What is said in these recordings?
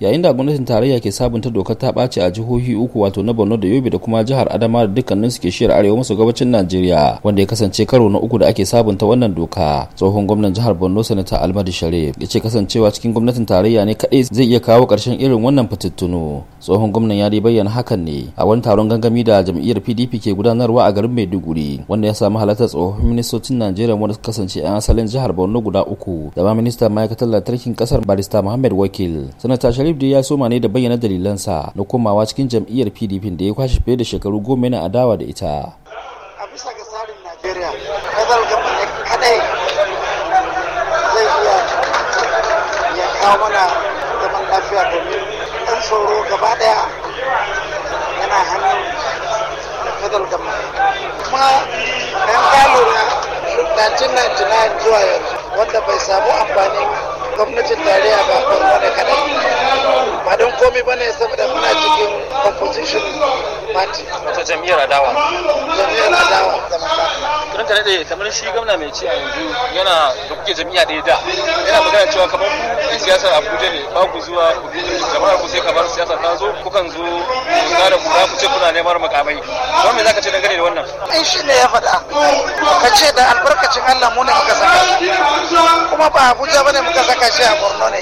yayin da gwamnatin tarayya ke sabunta dokar ta ɓace a jihohi uku wato na borno da yobe da kuma jihar adama da dukkanin su ke shiyar arewa maso gabacin najeriya wanda ya kasance karo na uku da ake sabunta wannan doka tsohon gwamnan jihar borno sanata almadi sharif ya ce kasancewa cikin gwamnatin tarayya ne kaɗai zai iya kawo ƙarshen irin wannan fitintunu tsohon gwamnan ya dai bayyana hakan ne a wani taron gangami da jam'iyyar pdp ke gudanarwa a garin maiduguri wanda ya samu halartar tsohon ministocin najeriya wanda suka kasance 'yan asalin jihar borno guda uku da ma ministan ma'aikatar lantarkin kasar barista muhammad wakil sanata sharif dai ya soma ne da bayyana dalilansa na komawa cikin jam'iyyar pdp da ya kwashe fiye da shekaru goma yana adawa da ita a bisa ga tsarin najeriya gaba ne kadai zai iya ya kawo mana zaman lafiya domin ɗan tsoro gaba ɗaya yana hannun federal gaba kuma ɗan kalura 1999 zuwa yanzu wanda bai samu amfanin gwamnatin tarayya ba komai bane saboda muna cikin opposition party Wata jam'iyyar adawa jam'iyyar adawa kun ta da kamar shi gwamna mai ci a yanzu yana da kuke jam'iyya ɗaya da yana magana cewa kamar ku siyasar Abuja ne ba ku zuwa ku jama'ar ku sai kamar siyasa ta zo kukan zo ku da ku za ku ce kuna neman makamai don me za ka ce dangane da wannan ai eh, shi ne ya faɗa ka ce da albarkacin Allah mu ne muka saka kuma ba Abuja ba bane muka saka shi a Borno ne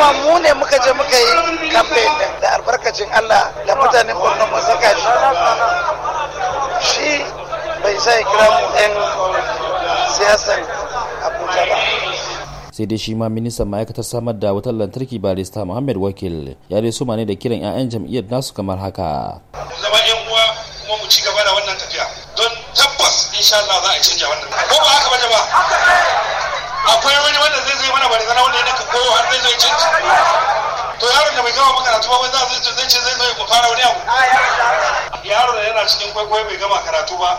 kuma mu ne muka je muka yi kamfe da albarkacin Allah da mutanen Borno mun saka shi shi bai sai kira mu yan siyasar Abuja ba sai dai shi ma ministan ma'aikatar samar da wutar lantarki barista Muhammad Wakil ya dai suma ne da kiran 'ya'yan jam'iyyar nasu kamar haka. Zama 'yan uwa kuma mu ci gaba da wannan tafiya don tabbas insha Allah za a canja wannan ko ba haka ba ba akwai wani wanda zai zai mana barazana wanda ya daka kowa har zai zai cin to yaron da bai gama makaratu ba za zai zai ce zai zai fara wani abu yaron da yana cikin kwaikwayo bai gama karatu ba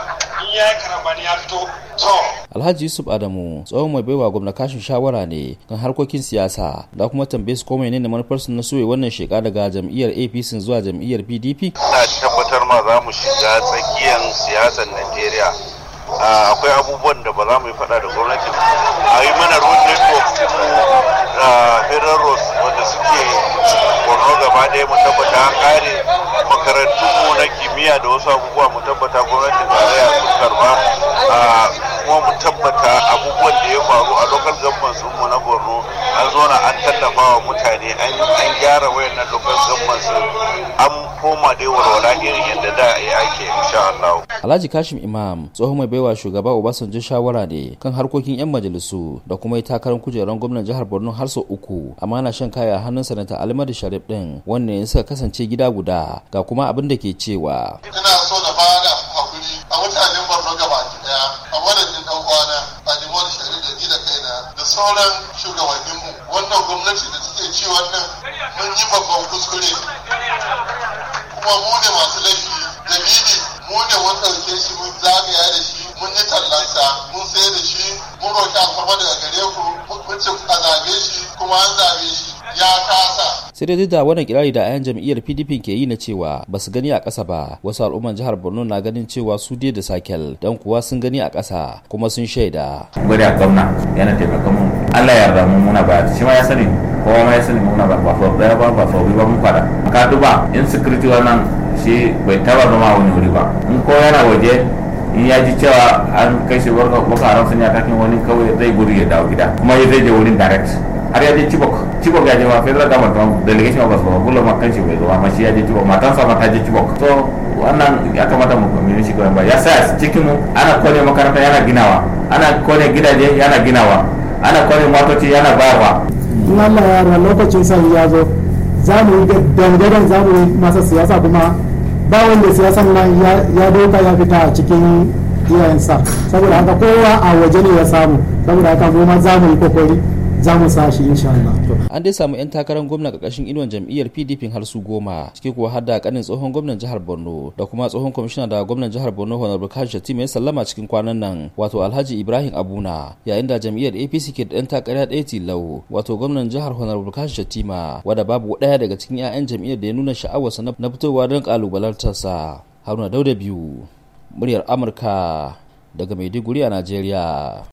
in ya yi karambani ya fito to Alhaji Yusuf Adamu tsohon mai baiwa gwamna kashin shawara ne kan harkokin siyasa da kuma tambaye su ko menene manufar su na soye wannan sheka daga jam'iyyar APC zuwa jam'iyyar PDP. Ina tabbatar ma za mu shiga tsakiyar siyasar Najeriya akwai abubuwan da ba za mu yi fada da gwamnati a yi mana road network da federal roads wanda suke borno gaba ɗaya mu tabbata an kare makarantu na kimiyya da wasu abubuwa mu tabbata ba zai sun karba kuma mu tabbata abubuwan da ya faru a local government mu na borno an zo na an tallafa wa mutane an gyara wayannan local koma dai walwala irin yadda da a yi ake insha Allah. Alhaji Kashim Imam tsohon mai baiwa shugaba Obasanjo shawara ne kan harkokin 'yan majalisu da kuma yi takarar kujerar gwamnan jihar Borno har sau uku amma na shan kaya hannun sanata Almadi Sharif din wannan ya suka kasance gida guda ga kuma abin da ke cewa. Ina so na fara hakuri a mutanen Borno gaba daya a madadin dan uwana Alimadu Sharif da ni da kaina da sauran shugabanninmu wannan gwamnati da take ci wannan mun yi babban kuskure kuma mu ne masu laifi dalili mu ne mun ɗauke shi mun zagaya da shi mun yi tallansa mun sayar da shi mun roƙi alfarma daga gare ku mun ce a zabe shi kuma an zabe shi ya kasa. sai dai da wannan kirari da ayan jam'iyyar pdp ke yi na cewa ba su gani a kasa ba wasu al'umman jihar borno na ganin cewa su dai da sakel dan kuwa sun gani a kasa kuma sun shaida. gwada gwamna yana taimakon mu allah ya yarda mu muna ba shi ma ya sani kowa ma ya sani muna ba ba sau daya ba ba sau biyu ba mun fada ka duba in security wannan shi bai taba zama wani wuri ba in ko yana waje in ya ji cewa an kai shi boko haram sun yi takin wani kawai zai gudu ya dawo gida kuma ya zai je wurin direct har ya je chibok chibok ya je ma federal government ma delegation ba su ba kullum ma shi bai zo amma shi ya je chibok matansa ma ta je chibok to wannan ya kamata mu kwamini shi ba ya sa cikin mu ana kone makaranta yana ginawa ana kone gidaje yana ginawa ana kone motoci yana bayarwa in Allah ya yarda lokacin sani ya zo za mu yi dangadan za mu yi masa siyasa kuma ba wanda siyasan nan ya doka ya fita a cikin iyayensa saboda haka kowa a waje ne ya samu saboda haka mu ma za mu yi kokari za mu sa shi insha Allah. An dai samu 'yan takarar gwamna ƙarƙashin inuwan jam'iyyar PDP har su goma ciki kuwa har da kanin tsohon gwamnan jihar Borno da kuma tsohon kwamishina da gwamnan jihar Borno Honorable Kashi Shatima ya sallama cikin kwanan nan wato Alhaji Ibrahim Abuna yayin da jam'iyyar APC ke da 'yan takara ɗaya tilau wato gwamnan jihar Honorable Kashi Shatima wanda babu ɗaya daga cikin 'ya'yan jam'iyyar da ya nuna sha'awarsa na fitowa don ƙalubalantarsa. Haruna Dauda biyu muryar Amurka daga Maiduguri a Najeriya.